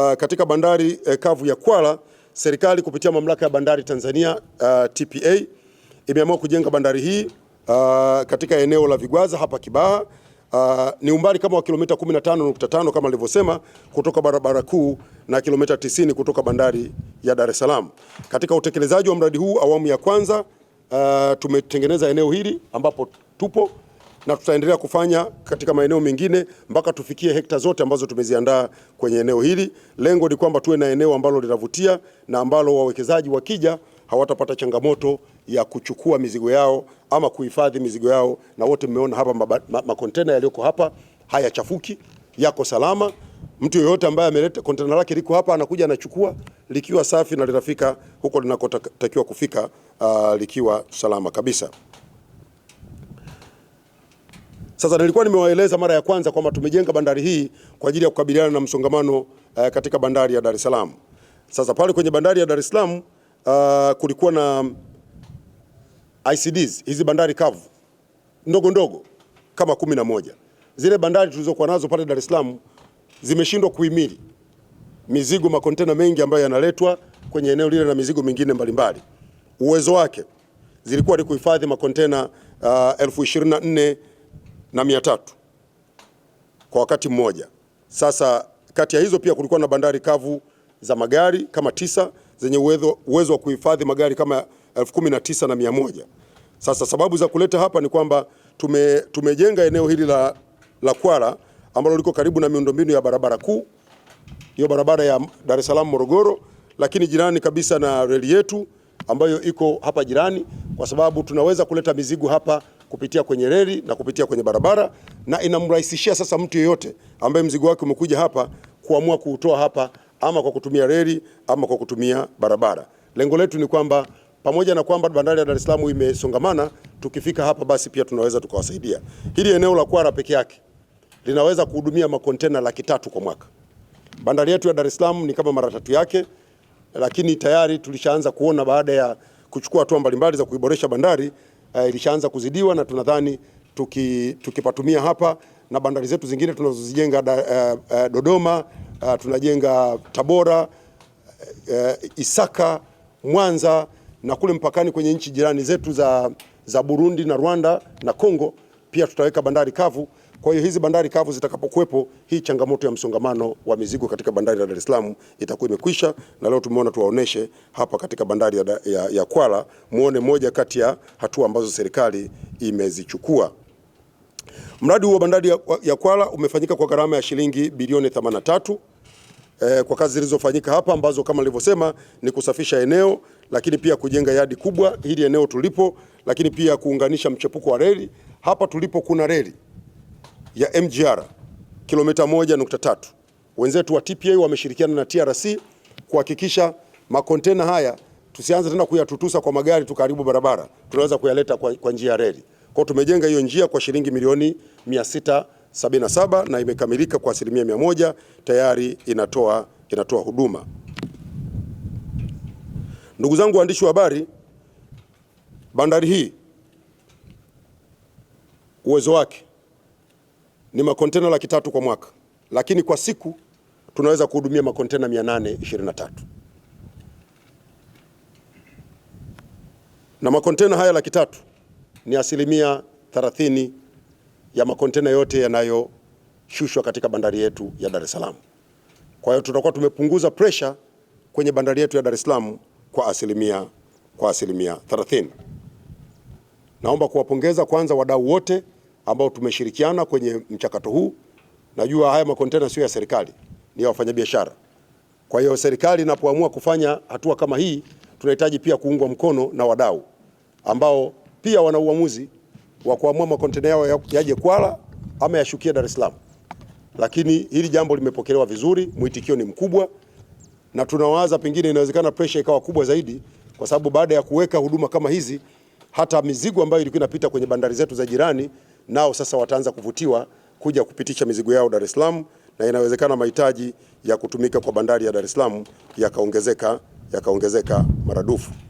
Uh, katika bandari eh, kavu ya Kwala, serikali kupitia mamlaka ya bandari Tanzania uh, TPA imeamua kujenga bandari hii uh, katika eneo la Vigwaza hapa Kibaha. Uh, ni umbali kama wa kilomita 15.5 kama alivyosema kutoka barabara kuu na kilomita 90 kutoka bandari ya Dar es Salaam. Katika utekelezaji wa mradi huu awamu ya kwanza, uh, tumetengeneza eneo hili ambapo tupo na tutaendelea kufanya katika maeneo mengine mpaka tufikie hekta zote ambazo tumeziandaa kwenye eneo hili. Lengo ni kwamba tuwe na eneo ambalo linavutia na ambalo wawekezaji wakija hawatapata changamoto ya kuchukua mizigo yao ama kuhifadhi mizigo yao. Na wote mmeona hapa makontena ma, ma yaliyoko hapa hayachafuki, yako salama. Mtu yeyote ambaye ameleta kontena lake liko hapa, anakuja anachukua likiwa safi na linafika huko linakotakiwa kufika, uh, likiwa salama kabisa. Sasa nilikuwa nimewaeleza mara ya kwanza kwamba tumejenga bandari hii kwa ajili ya kukabiliana na msongamano uh, katika bandari ya Dar es Salaam. Sasa pale kwenye bandari ya Dar es Salaam uh, kulikuwa na ICDs hizi bandari kavu ndogo ndogo kama kumi na moja. Zile bandari tulizokuwa nazo pale Dar es Salaam zimeshindwa kuhimili mizigo, makontena mengi ambayo yanaletwa kwenye eneo lile na mizigo mingine mbalimbali. Uwezo wake zilikuwa ni kuhifadhi makontena uh, elfu ishirini na nne na mia tatu kwa wakati mmoja. Sasa kati ya hizo pia kulikuwa na bandari kavu za magari kama tisa zenye uwezo, uwezo wa kuhifadhi magari kama elfu kumi na tisa na mia moja. Sasa sababu za kuleta hapa ni kwamba tume, tumejenga eneo hili la, la Kwara ambalo liko karibu na miundombinu ya barabara kuu, hiyo barabara ya Dar es Salaam Morogoro, lakini jirani kabisa na reli yetu ambayo iko hapa jirani, kwa sababu tunaweza kuleta mizigo hapa kupitia kwenye reli na kupitia kwenye barabara, na inamrahisishia sasa mtu yeyote ambaye mzigo wake umekuja hapa kuamua kuutoa hapa ama kwa kutumia reli ama kwa kutumia barabara. Lengo letu ni kwamba pamoja na kwamba bandari ya Dar es Salaam imesongamana, tukifika hapa basi pia tunaweza tukawasaidia. Hili eneo la Kwara peke yake linaweza kuhudumia makontena laki tatu kwa mwaka. Bandari yetu ya Dar es Salaam ni kama mara tatu yake, lakini tayari tulishaanza kuona baada ya kuchukua hatua mbalimbali za kuiboresha bandari uh, ilishaanza kuzidiwa na tunadhani tuki, tukipatumia hapa na bandari zetu zingine tunazozijenga uh, uh, Dodoma uh, tunajenga Tabora uh, Isaka, Mwanza na kule mpakani kwenye nchi jirani zetu za, za Burundi na Rwanda na Kongo pia tutaweka bandari kavu. Kwa hiyo hizi bandari kavu zitakapokuwepo, hii changamoto ya msongamano wa mizigo katika bandari ya Dar es Salaam itakuwa imekwisha, na leo tumeona tuwaoneshe hapa katika bandari ya, ya, ya Kwala muone moja kati ya hatua ambazo serikali imezichukua. Mradi huu wa bandari ya, ya Kwala umefanyika kwa gharama ya shilingi bilioni 83 eh, kwa kazi zilizofanyika hapa ambazo kama nilivyosema ni kusafisha eneo lakini pia kujenga yadi kubwa hili eneo tulipo, lakini pia kuunganisha mchepuko wa reli. Hapa tulipo kuna reli ya MGR kilomita 1.3. Wenzetu wa TPA wameshirikiana na TRC kuhakikisha makontena haya tusianze tena kuyatutusa kwa magari tukaribu barabara, tunaweza kuyaleta kwa, kwa njia ya reli. Kwa tumejenga hiyo njia kwa shilingi milioni 677 na imekamilika kwa asilimia mia moja tayari inatoa, inatoa huduma. Ndugu zangu waandishi wa habari, bandari hii uwezo wake ni makontena laki tatu kwa mwaka, lakini kwa siku tunaweza kuhudumia makontena 823 na makontena haya laki tatu ni asilimia 30 ya makontena yote yanayoshushwa katika bandari yetu ya Dar es Salaam. Kwa hiyo tutakuwa tumepunguza pressure kwenye bandari yetu ya Dar es Salaam kwa asilimia kwa asilimia 30. Naomba kuwapongeza kwanza wadau wote ambao tumeshirikiana kwenye mchakato huu. Najua haya makontena sio ya serikali, ni ya wafanyabiashara. Kwa hiyo serikali inapoamua kufanya hatua kama hii, tunahitaji pia kuungwa mkono na wadau ambao pia wana uamuzi wa kuamua makontena yao yaje Kwala ama yashukie Dar es Salaam. Lakini hili jambo limepokelewa vizuri, mwitikio ni mkubwa, na tunawaza pengine inawezekana pressure ikawa kubwa zaidi, kwa sababu baada ya kuweka huduma kama hizi, hata mizigo ambayo ilikuwa inapita kwenye bandari zetu za jirani nao sasa wataanza kuvutiwa kuja kupitisha mizigo yao Dar es Salaam, na inawezekana mahitaji ya kutumika kwa bandari ya Dar es Salaam yakaongezeka yakaongezeka maradufu.